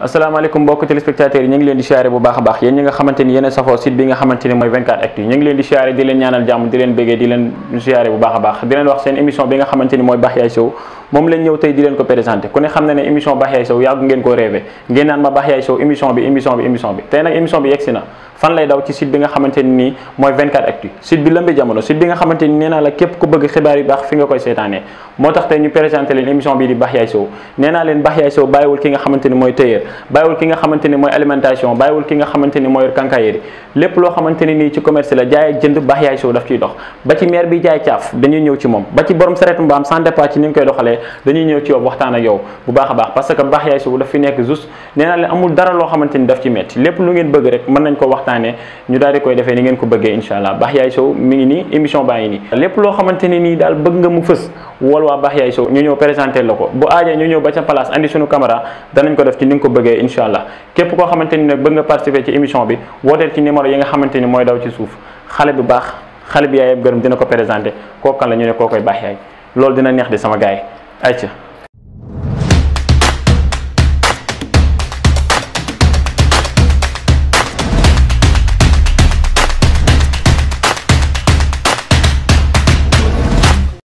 asalaamaaleykum mbokk téléspectateurs yi ñu ngi leen di siyaare bu baax a baax yéen ñi nga xamante ni yéen safoo site bi nga xamante ni mooy 24 actu ñu ngi leen di siyaare di leen ñaanal jàmm di leen béggee di leen siyaare bu baax a baax di leen wax seen émission bi nga xamante ni mooy Bakhiya Show moom lañ ñëw tey di leen ko présenté ku ne xam na ne émission Bakh Yaye Show yàgg ngeen ko rêvé ngeen naan ma Bakh Yaye Show émission bi émission bi tey nag émission bi yegsi na fan lay daw ci site bi nga xamante nii mooy 24 actu site bi nga xamante ni naa la képp ku bëgg xibaar yu baax fi nga koy seetaanee moo tax tey ñu présenté leen émission bii di Bakh Yaye Show nee naa leen Bakh Yaye Show bàyyiwul ki nga xamante mooy tailleur dañuy ñëw ci yow waxtaan a yow bu baax a baax parce que baax yaay subu daf fi nekk juste nee leen amul dara loo xamante ni daf ci metti lépp lu ngeen bëgg rek mën nañ ko waxtaanee ñu daal di koy defee ni ngeen ko bëggee incha allah baax yaay sow mi ngi nii émission baa ngi nii lépp loo xamante ne nii daal bëgg nga mu fës wala waa baax yaay sow ñu ñëw présenté la ko bu aajee ñu ñëw ba ca place indi suñu caméra danañ ko def ci ni nga ko bëggee incha allah képp koo xamante ni nag bëgg nga participer ci émission bi wooteel ci numéro yi nga xamante ni mooy daw ci suuf xale bu baax xale bi yaayam gërëm dina ko présenté kookan la ñu ne koo koy baax loolu dina neex di sama yi ayca